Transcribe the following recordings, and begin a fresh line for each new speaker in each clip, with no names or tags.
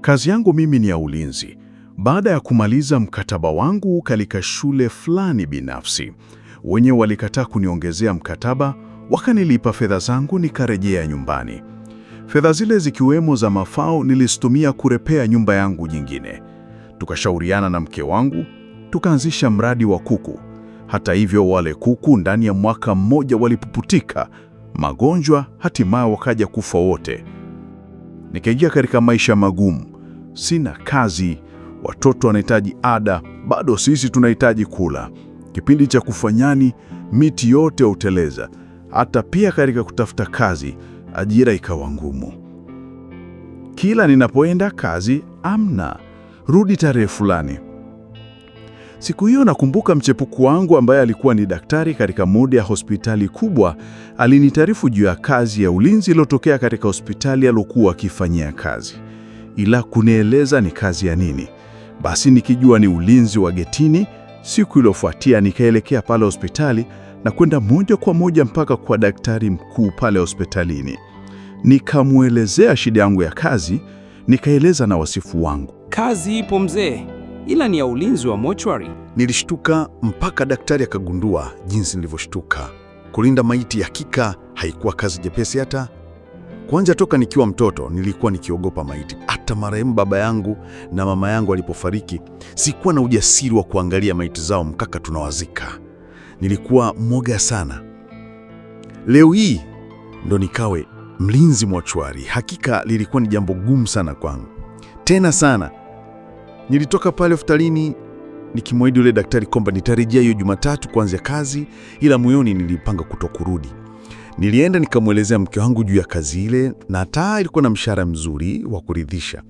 Kazi yangu mimi ni ya ulinzi. Baada ya kumaliza mkataba wangu katika shule fulani binafsi, wenyewe walikataa kuniongezea mkataba, wakanilipa fedha zangu, nikarejea nyumbani. Fedha zile zikiwemo za mafao nilizitumia kurepea nyumba yangu nyingine. Tukashauriana na mke wangu, tukaanzisha mradi wa kuku. Hata hivyo, wale kuku ndani ya mwaka mmoja walipuputika magonjwa, hatimaye wakaja kufa wote. Nikaingia katika maisha magumu sina kazi, watoto wanahitaji ada, bado sisi tunahitaji kula. Kipindi cha kufanyani miti yote huteleza, hata pia katika kutafuta kazi, ajira ikawa ngumu. Kila ninapoenda kazi, amna rudi tarehe fulani. Siku hiyo nakumbuka mchepuku wangu ambaye alikuwa ni daktari katika moja ya hospitali kubwa, alinitaarifu juu ya kazi ya ulinzi iliyotokea katika hospitali aliokuwa akifanyia kazi ila kunieleza ni kazi ya nini. Basi nikijua ni ulinzi wa getini, siku iliyofuatia nikaelekea pale hospitali na kwenda moja kwa moja mpaka kwa daktari mkuu pale hospitalini. Nikamwelezea shida yangu ya kazi, nikaeleza na wasifu wangu.
Kazi ipo mzee, ila ni ya ulinzi wa mochwari.
Nilishtuka mpaka daktari akagundua jinsi nilivyoshtuka. Kulinda maiti hakika haikuwa kazi jepesi hata kwanza toka nikiwa mtoto nilikuwa nikiogopa maiti. Hata marehemu baba yangu na mama yangu alipofariki, sikuwa na ujasiri wa kuangalia maiti zao mkaka tunawazika. Nilikuwa mwoga sana. Leo hii ndo nikawe mlinzi mochwari. Hakika lilikuwa ni jambo gumu sana kwangu, tena sana. Nilitoka pale hospitalini nikimwahidi yule daktari kwamba nitarejea hiyo Jumatatu kuanzia kazi, ila moyoni nilipanga kutokurudi. Nilienda nikamwelezea mke wangu juu ya kazi ile, na hata ilikuwa na mshahara mzuri wa kuridhisha.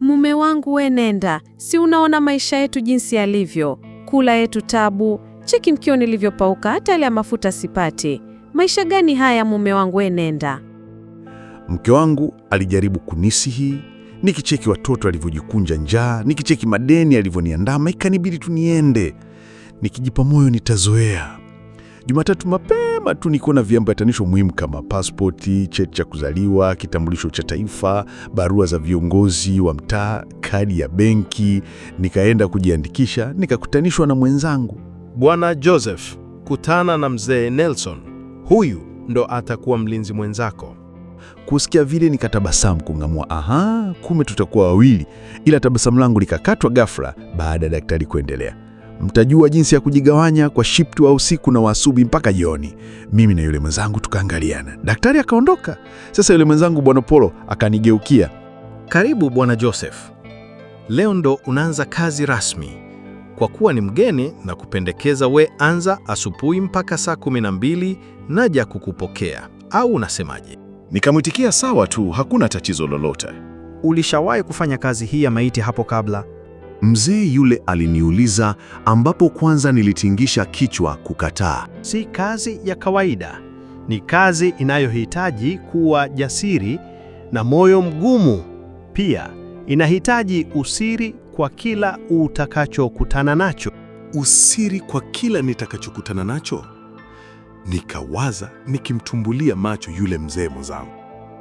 Mume wangu, we nenda, si unaona maisha yetu jinsi yalivyo, kula yetu tabu, cheki mkio nilivyopauka, hata ile ya mafuta sipati. Maisha gani haya mume wangu, we nenda.
Mke wangu alijaribu kunisihi, nikicheki watoto alivyojikunja njaa, nikicheki madeni alivyoniandama, ikanibidi tu niende nikijipa moyo nitazoea. Jumatatu mapema tu niko na viambatanisho muhimu kama pasipoti, cheti cha kuzaliwa, kitambulisho cha taifa, barua za viongozi wa mtaa, kadi ya benki. Nikaenda kujiandikisha, nikakutanishwa na mwenzangu
Bwana Joseph. Kutana na mzee Nelson, huyu ndo atakuwa mlinzi mwenzako.
Kusikia vile nikatabasamu kung'amua, aha, kumbe tutakuwa wawili, ila tabasamu langu likakatwa ghafla baada ya daktari kuendelea Mtajua jinsi ya kujigawanya kwa shift wa usiku na wasubi mpaka jioni. Mimi na yule mwenzangu tukaangaliana, daktari akaondoka. Sasa yule mwenzangu bwana Polo akanigeukia,
karibu bwana Joseph, leo ndo unaanza kazi rasmi. Kwa kuwa ni mgeni na kupendekeza, we anza asubuhi mpaka saa na mbili naja kukupokea, au unasemaje?
Nikamwitikia sawa tu, hakuna tatizo lolote.
Ulishawahi kufanya kazi hii ya maiti hapo kabla?
Mzee yule aliniuliza ambapo kwanza nilitingisha kichwa kukataa.
Si kazi ya kawaida, ni kazi inayohitaji kuwa jasiri na moyo mgumu. Pia inahitaji usiri kwa kila utakachokutana nacho.
Usiri kwa kila nitakachokutana nacho? Nikawaza nikimtumbulia macho yule mzee mwenzangu.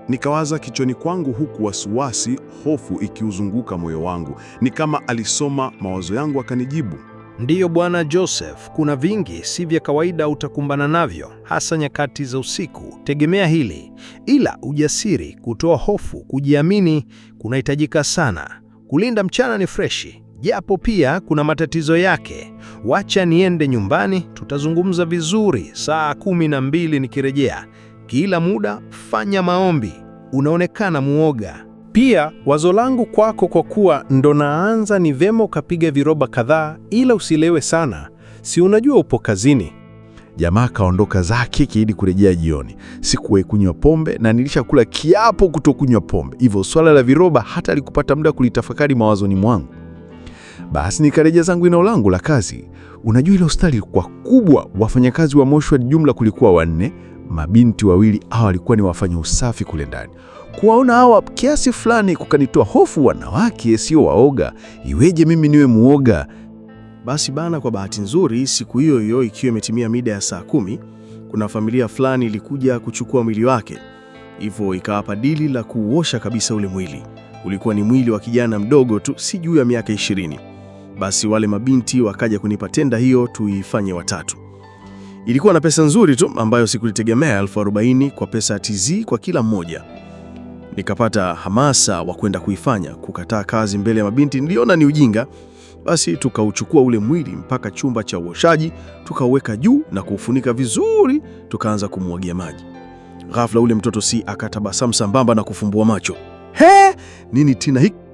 Nikawaza kichwani kwangu, huku wasiwasi, hofu ikiuzunguka moyo wangu. Ni kama alisoma mawazo yangu akanijibu,
ndiyo Bwana Joseph, kuna vingi si vya kawaida utakumbana navyo, hasa nyakati za usiku. Tegemea hili, ila ujasiri, kutoa hofu, kujiamini kunahitajika sana. Kulinda mchana ni freshi, japo pia kuna matatizo yake. Wacha niende nyumbani, tutazungumza vizuri saa kumi na mbili nikirejea. Kila muda fanya maombi, unaonekana muoga.
Pia wazo langu kwako, kwa kuwa ndo naanza, ni vema ukapiga viroba kadhaa, ila usilewe sana, si unajua upo kazini.
Jamaa kaondoka zake Kiidi kurejea jioni. Sikuwahi kunywa pombe na nilishakula kiapo kutokunywa pombe, hivyo swala la viroba hata alikupata muda kulitafakari mawazoni mwangu. Basi nikarejea zangu eneo langu la kazi. Unajua ile hospitali kwa kubwa, wafanyakazi wa moshwa jumla kulikuwa wanne, Mabinti wawili hao walikuwa ni wafanya usafi kule ndani. Kuwaona hawa kiasi fulani kukanitoa hofu. Wanawake sio waoga, iweje mimi niwe muoga? Basi bana, kwa bahati nzuri, siku hiyo hiyo ikiwa imetimia mida ya saa kumi, kuna familia fulani ilikuja kuchukua mwili wake, hivyo ikawapa dili la kuuosha kabisa ule mwili. Ulikuwa ni mwili wa kijana mdogo tu, si juu ya miaka ishirini. Basi wale mabinti wakaja kunipa tenda hiyo tuifanye watatu. Ilikuwa na pesa nzuri tu ambayo sikulitegemea, elfu arobaini kwa pesa ya TZ kwa kila mmoja. Nikapata hamasa wa kwenda kuifanya. Kukataa kazi mbele ya mabinti niliona ni ujinga. Basi tukauchukua ule mwili mpaka chumba cha uoshaji, tukauweka juu na kuufunika vizuri, tukaanza kumwagia maji. Ghafla ule mtoto si akatabasamu sambamba na kufumbua macho. He, nini tena hiki?